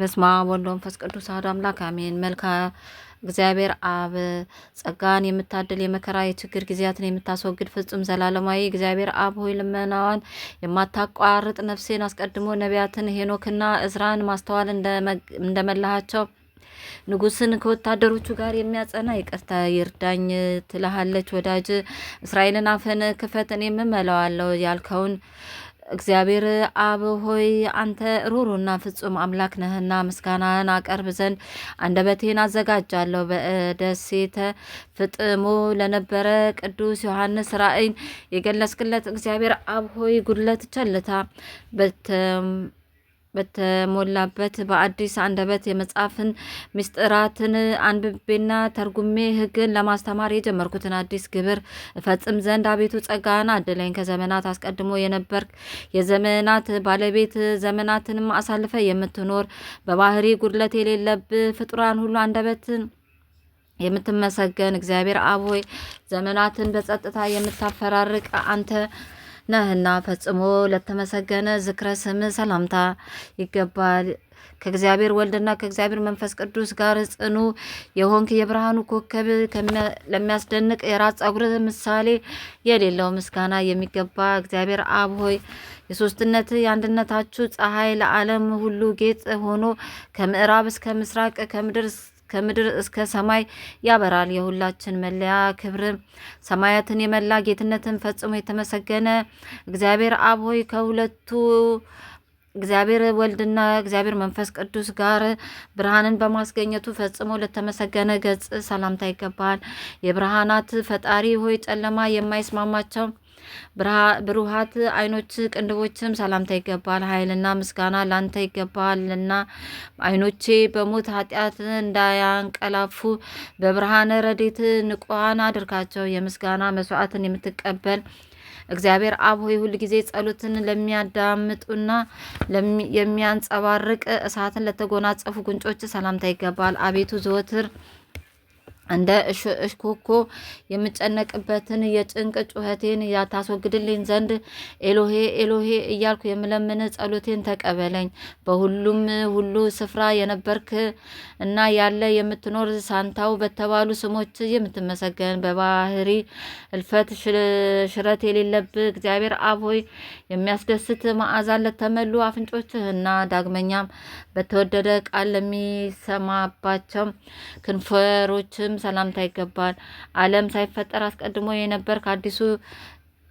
በስመ አብ ወወልድ ወመንፈስ ቅዱስ አሐዱ አምላክ አሜን። መልክዐ እግዚአብሔር አብ ጸጋን የምታድል የመከራ የችግር ጊዜያትን የምታስወግድ ፍጹም ዘላለማዊ እግዚአብሔር አብ ሆይ ልመናዋን የማታቋርጥ ነፍሴን አስቀድሞ ነቢያትን ሄኖክና እዝራን ማስተዋል እንደመላሃቸው ንጉስን ከወታደሮቹ ጋር የሚያጸና ይቅርታ ይርዳኝ ትልሃለች። ወዳጅ እስራኤልን አፈን ክፈት እኔም እምለዋለሁ ያልከውን እግዚአብሔር አብ ሆይ አንተ ሩሩና ፍጹም አምላክ ነህና ምስጋናን አቀርብ ዘንድ አንደበቴን አዘጋጃለሁ። በደሴተ ፍጥሞ ለነበረ ቅዱስ ዮሐንስ ራእይን የገለጽክለት እግዚአብሔር አብ ሆይ ጉድለት ቸልታ በተሞላበት በአዲስ አንደበት የመጽሐፍን ምስጢራትን አንብቤና ተርጉሜ ሕግን ለማስተማር የጀመርኩትን አዲስ ግብር እፈጽም ዘንድ አቤቱ ጸጋን አድለኝ። ከዘመናት አስቀድሞ የነበርክ የዘመናት ባለቤት ዘመናትንም አሳልፈ የምትኖር በባህሪ ጉድለት የሌለብህ ፍጡራን ሁሉ አንደበትን የምትመሰገን እግዚአብሔር አብ ሆይ ዘመናትን በጸጥታ የምታፈራርቅ አንተ ነህና ፈጽሞ ለተመሰገነ ዝክረ ስም ሰላምታ ይገባል። ከእግዚአብሔር ወልድና ከእግዚአብሔር መንፈስ ቅዱስ ጋር ጽኑ የሆንክ የብርሃኑ ኮከብ ለሚያስደንቅ የራስ ጸጉር ምሳሌ የሌለው ምስጋና የሚገባ እግዚአብሔር አብ ሆይ የሶስትነት የአንድነታችሁ ፀሐይ ለዓለም ሁሉ ጌጥ ሆኖ ከምዕራብ እስከ ምስራቅ ከምድር ከምድር እስከ ሰማይ ያበራል። የሁላችን መለያ ክብር ሰማያትን የመላ ጌትነትን ፈጽሞ የተመሰገነ እግዚአብሔር አብ ሆይ ከሁለቱ እግዚአብሔር ወልድና እግዚአብሔር መንፈስ ቅዱስ ጋር ብርሃንን በማስገኘቱ ፈጽሞ ለተመሰገነ ገጽ ሰላምታ ይገባል። የብርሃናት ፈጣሪ ሆይ ጨለማ የማይስማማቸው ብሩሃት አይኖች ቅንድቦችም ሰላምታ ይገባል። ኃይልና ምስጋና ላንተ ይገባልና አይኖቼ በሞት ኃጢአት እንዳያንቀላፉ በብርሃነ ረዴት ንቁሃን አድርጋቸው። የምስጋና መስዋዕትን የምትቀበል እግዚአብሔር አብ ሆይ ሁል ጊዜ ጸሎትን ለሚያዳምጡና የሚያንጸባርቅ እሳትን ለተጎናጸፉ ጉንጮች ሰላምታ ይገባል። አቤቱ ዘወትር እንደ እሽኮኮ የምጨነቅበትን የጭንቅ ጩኸቴን ታስወግድልኝ ዘንድ ኤሎሄ ኤሎሄ እያልኩ የምለምን ጸሎቴን ተቀበለኝ። በሁሉም ሁሉ ስፍራ የነበርክ እና ያለ የምትኖር ሳንታው በተባሉ ስሞች የምትመሰገን በባህሪ እልፈት ሽረት የሌለብህ እግዚአብሔር አብ ሆይ የሚያስደስት መዓዛን ለተመሉ አፍንጮችህና ዳግመኛም በተወደደ ቃል ለሚሰማባቸው ክንፈሮች ሰላምታ ይገባል። ዓለም ሳይፈጠር አስቀድሞ የነበር ከአዲሱ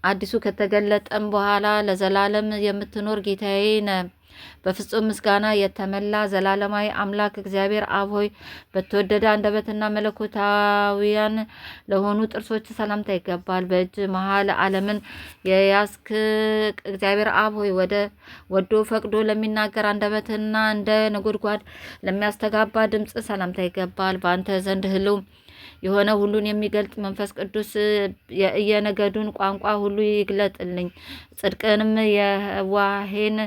አዲሱ ከተገለጠም በኋላ ለዘላለም የምትኖር ጌታዬ ነ በፍጹም ምስጋና የተመላ ዘላለማዊ አምላክ እግዚአብሔር አብ ሆይ በተወደደ አንደበትና መለኮታዊያን ለሆኑ ጥርሶች ሰላምታ ይገባል። በእጅ መሀል ዓለምን የያስክ እግዚአብሔር አብ ሆይ ወደ ወዶ ፈቅዶ ለሚናገር አንደበትና እንደ ነጎድጓድ ለሚያስተጋባ ድምፅ ሰላምታ ይገባል። በአንተ ዘንድ ህልው የሆነ ሁሉን የሚገልጥ መንፈስ ቅዱስ የነገዱን ቋንቋ ሁሉ ይግለጥልኝ። ጽድቅንም፣ የዋሄን፣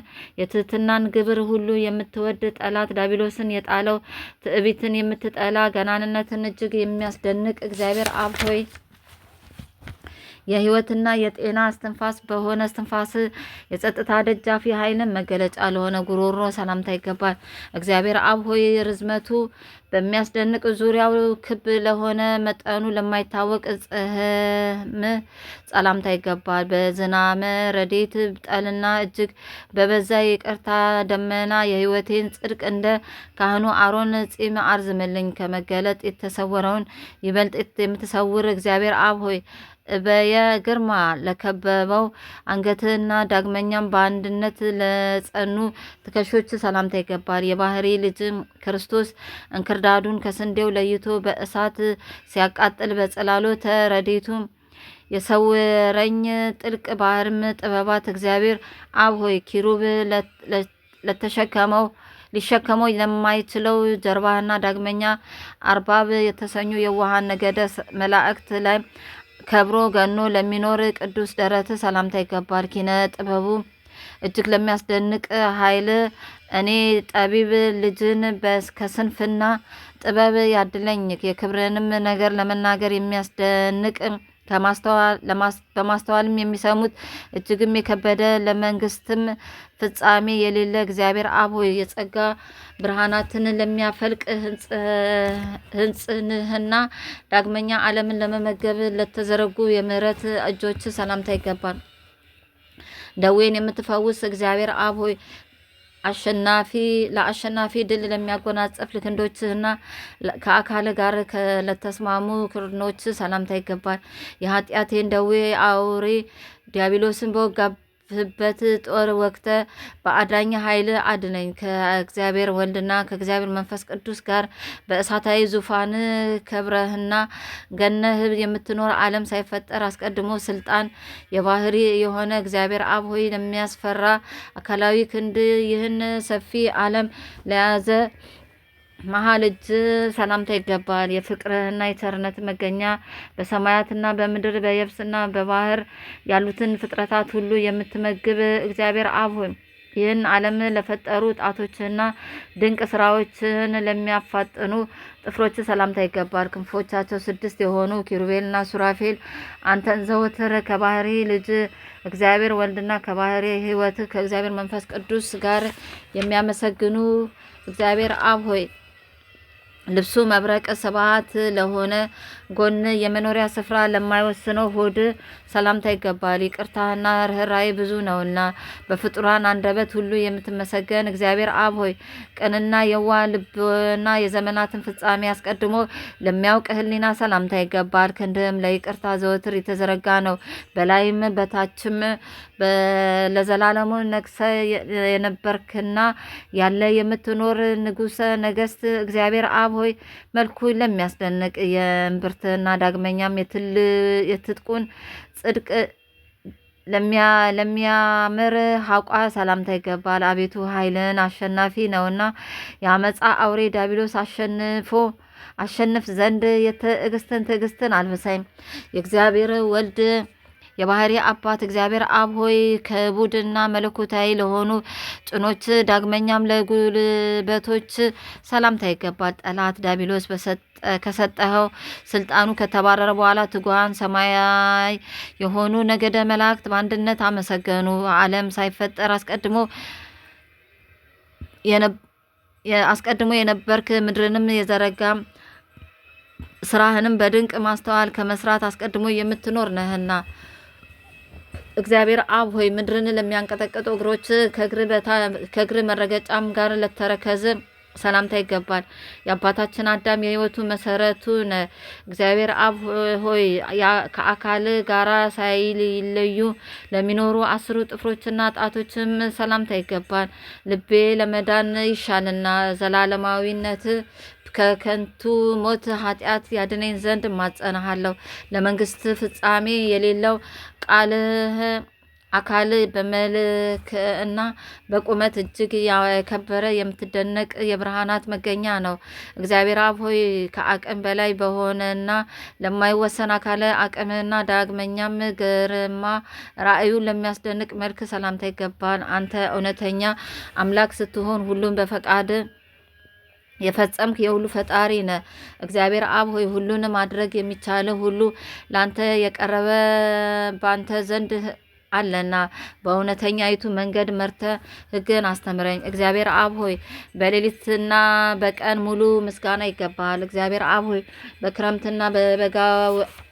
የትህትናን ግብር ሁሉ የምትወድ ጠላት ዳቢሎስን የጣለው ትዕቢትን የምትጠላ ገናንነትን እጅግ የሚያስደንቅ እግዚአብሔር አብ ሆይ የህይወትና የጤና እስትንፋስ በሆነ እስትንፋስ የጸጥታ ደጃፊ የኃይልን መገለጫ ለሆነ ጉሮሮ ሰላምታ ይገባል። እግዚአብሔር አብ ሆይ ርዝመቱ በሚያስደንቅ ዙሪያው ክብ ለሆነ መጠኑ ለማይታወቅ ጽህም ሰላምታ ይገባል። በዝናመ ረዴት ጠልና እጅግ በበዛ የቅርታ ደመና የህይወቴን ጽድቅ እንደ ካህኑ አሮን ጺም አርዝምልኝ ከመገለጥ የተሰወረውን ይበልጥ የምትሰውር እግዚአብሔር አብ ሆይ በየግርማ ለከበበው አንገትህና ዳግመኛም በአንድነት ለጸኑ ትከሾች ሰላምታ ይገባል። የባህሪ ልጅ ክርስቶስ እንክርዳዱን ከስንዴው ለይቶ በእሳት ሲያቃጥል በጸላሎተ ረድኤቱ የሰውረኝ ጥልቅ ባህርም ጥበባት እግዚአብሔር አብ ሆይ ኪሩብ ለተሸከመው ሊሸከመው ለማይችለው ጀርባህና ዳግመኛ አርባብ የተሰኙ የዋሃን ነገደ መላእክት ላይ ከብሮ ገኖ ለሚኖር ቅዱስ ደረት ሰላምታ ይገባል። ኪነ ጥበቡ እጅግ ለሚያስደንቅ ኃይል እኔ ጠቢብ ልጅን ከስንፍና ጥበብ ያድለኝ የክብርንም ነገር ለመናገር የሚያስደንቅ በማስተዋልም የሚሰሙት እጅግም የከበደ ለመንግስትም ፍጻሜ የሌለ እግዚአብሔር አብ ሆይ የጸጋ ብርሃናትን ለሚያፈልቅ ህንጽንህና ዳግመኛ ዓለምን ለመመገብ ለተዘረጉ የምህረት እጆች ሰላምታ ይገባል። ደዌን የምትፈውስ እግዚአብሔር አብ ሆይ አሸናፊ ለአሸናፊ ድል ለሚያጎናጸፍ ለክንዶችና ከአካል ጋር ለተስማሙ ክርኖች ሰላምታ ይገባል። የኃጢአቴን ደዌ አውሬ ዲያብሎስን በወጋ በምታልፍበት ጦር በአዳኝ ኃይል አድነኝ። ከእግዚአብሔር ወልድና ከእግዚአብሔር መንፈስ ቅዱስ ጋር በእሳታዊ ዙፋን ከብረህና ገነህ የምትኖር ዓለም ሳይፈጠር አስቀድሞ ስልጣን የባህሪ የሆነ እግዚአብሔር አብ ሆይ ለሚያስፈራ አካላዊ ክንድ ይህን ሰፊ ዓለም ለያዘ መሀል እጅ ሰላምታ ይገባል። የፍቅርህና የቸርነት መገኛ በሰማያትና በምድር በየብስና በባህር ያሉትን ፍጥረታት ሁሉ የምትመግብ እግዚአብሔር አብ ሆይ ይህን ዓለም ለፈጠሩ ጣቶችና ድንቅ ስራዎችን ለሚያፋጥኑ ጥፍሮች ሰላምታ ይገባል። ክንፎቻቸው ስድስት የሆኑ ኪሩቤልና ሱራፌል አንተን ዘወትር ከባህሪ ልጅ እግዚአብሔር ወልድና ከባህሪ ሕይወት ከእግዚአብሔር መንፈስ ቅዱስ ጋር የሚያመሰግኑ እግዚአብሔር አብ ሆይ ልብሱ መብረቅ ሰባት ለሆነ ጎን የመኖሪያ ስፍራ ለማይወስነው ሆድ ሰላምታ ይገባል። ይቅርታና ርኅራኄ ብዙ ነውና በፍጡራን አንደበት ሁሉ የምትመሰገን እግዚአብሔር አብ ሆይ ቅንና የዋ ልብና የዘመናትን ፍጻሜ አስቀድሞ ለሚያውቅ ሕሊና ሰላምታ ይገባል። ክንድህም ለይቅርታ ዘወትር የተዘረጋ ነው። በላይም በታችም ለዘላለሙ ነግሰ የነበርክና ያለ የምትኖር ንጉሰ ነገስት እግዚአብሔር አብ ሆይ መልኩ ለሚያስደንቅ የእምብርትና ዳግመኛም የትጥቁን ጽድቅ ለሚያምር ሀቋ ሰላምታ ይገባል። አቤቱ ኃይልን አሸናፊ ነውና የአመፃ አውሬ ዳቢሎስ አሸንፎ አሸንፍ ዘንድ የትዕግስትን ትዕግስትን አልብሳኝ የእግዚአብሔር ወልድ የባህሪ አባት እግዚአብሔር አብ ሆይ ከቡድና መለኮታዊ ለሆኑ ጭኖች ዳግመኛም ለጉልበቶች ሰላምታ ይገባል። ጠላት ዳቢሎስ ከሰጠኸው ስልጣኑ ከተባረረ በኋላ ትጉሃን ሰማያዊ የሆኑ ነገደ መላእክት በአንድነት አመሰገኑ። ዓለም ሳይፈጠር አስቀድሞ አስቀድሞ የነበርክ ምድርንም የዘረጋ ስራህንም በድንቅ ማስተዋል ከመስራት አስቀድሞ የምትኖር ነህና እግዚአብሔር አብ ሆይ ምድርን ለሚያንቀጠቀጡ እግሮች ከእግር መረገጫም ጋር ለተረከዝ ሰላምታ ይገባል። የአባታችን አዳም የህይወቱ መሰረቱ ነ እግዚአብሔር አብ ሆይ ከአካል ጋራ ሳይለዩ ለሚኖሩ አስሩ ጥፍሮችና ጣቶችም ሰላምታ ይገባል። ልቤ ለመዳን ይሻልና ዘላለማዊነት ከከንቱ ሞት ኃጢአት ያድነኝ ዘንድ ማጸናሃለሁ። ለመንግስት ፍጻሜ የሌለው ቃልህ አካል እና በቁመት እጅግ የከበረ የምትደነቅ የብርሃናት መገኛ ነው። እግዚአብሔር አብ ሆይ ከአቅም በላይ በሆነና ለማይወሰን አካል አቅምና ዳግመኛም ግርማ ራእዩ ለሚያስደንቅ መልክ ሰላምታ ይገባል። አንተ እውነተኛ አምላክ ስትሆን ሁሉም በፈቃድ የፈጸምክ የሁሉ ፈጣሪ ነ እግዚአብሔር አብ ሆይ ሁሉን ማድረግ የሚቻለ ሁሉ ላንተ የቀረበ ባንተ ዘንድ አለና በእውነተኛይቱ መንገድ መርተ ሕግን አስተምረኝ። እግዚአብሔር አብ ሆይ በሌሊትና በቀን ሙሉ ምስጋና ይገባሃል። እግዚአብሔር አብ ሆይ በክረምትና በበጋ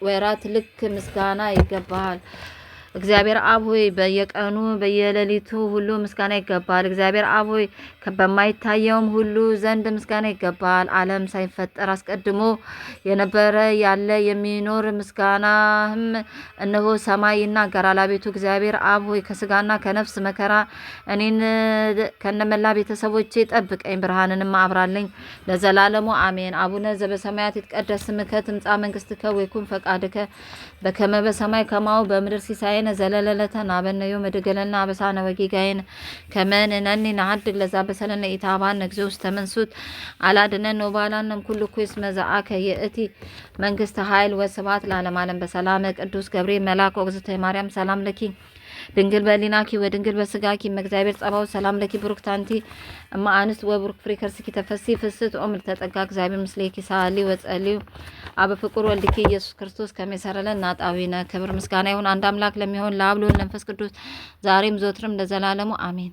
ወራት ልክ ምስጋና ይገባሃል። እግዚአብሔር አብ ሆይ በየቀኑ በየሌሊቱ ሁሉ ምስጋና ይገባል። እግዚአብሔር አብ ሆይ በማይታየውም ሁሉ ዘንድ ምስጋና ይገባል። ዓለም ሳይፈጠር አስቀድሞ የነበረ ያለ የሚኖር ምስጋናህም እነሆ ሰማይ ይናገራል። አቤቱ እግዚአብሔር አብ ሆይ ከስጋና ከነፍስ መከራ እኔን ከነመላ ቤተሰቦቼ ጠብቀኝ፣ ብርሃንንም አብራለኝ ለዘላለሙ አሜን። አቡነ ዘበሰማያት ይትቀደስ ስምከ ትምጻእ መንግስትከ ወይኩን ፈቃድከ በከመ በሰማይ ከማሁ በምድር ሲሳይ ጋይነ ዘለለለተን አበነዮ መድገለና አበሳነ ወጊ ጋይነ ነኒ ንዓድግ ለዛ በሰለነ ኢታባን እግዚኦ ውስተ መንሱት አላድነን ወባላንም ኩሉ ኩስ መዛአከ የእቲ መንግስተ ኃይል ወስባት ለዓለም ዓለም በሰላም ቅዱስ ገብርኤል መልአክ ወእግዝእትየ ማርያም ሰላም ለኪ ድንግል በሊናኪ ወድንግል በስጋኪ መግዚአብሔር ጸባው ሰላም ለኪ ብሩክ ታንቲ እማ ወብሩክ ወብሩክ ፍሪከርስኪ ተፈሲ ፍስት ኦምል ተጠጋ እግዚአብሔር ምስሌኪ ሳሊ ወጸልዩ አበ ፍቁር ወልድኪ ኢየሱስ ክርስቶስ ከመሰረለን ናጣዊነ ክብር ምስጋና ይሁን አንድ አምላክ ለሚሆን ለአብ ለወልድ ለመንፈስ ቅዱስ ዛሬም ዘወትርም ለዘላለሙ አሜን።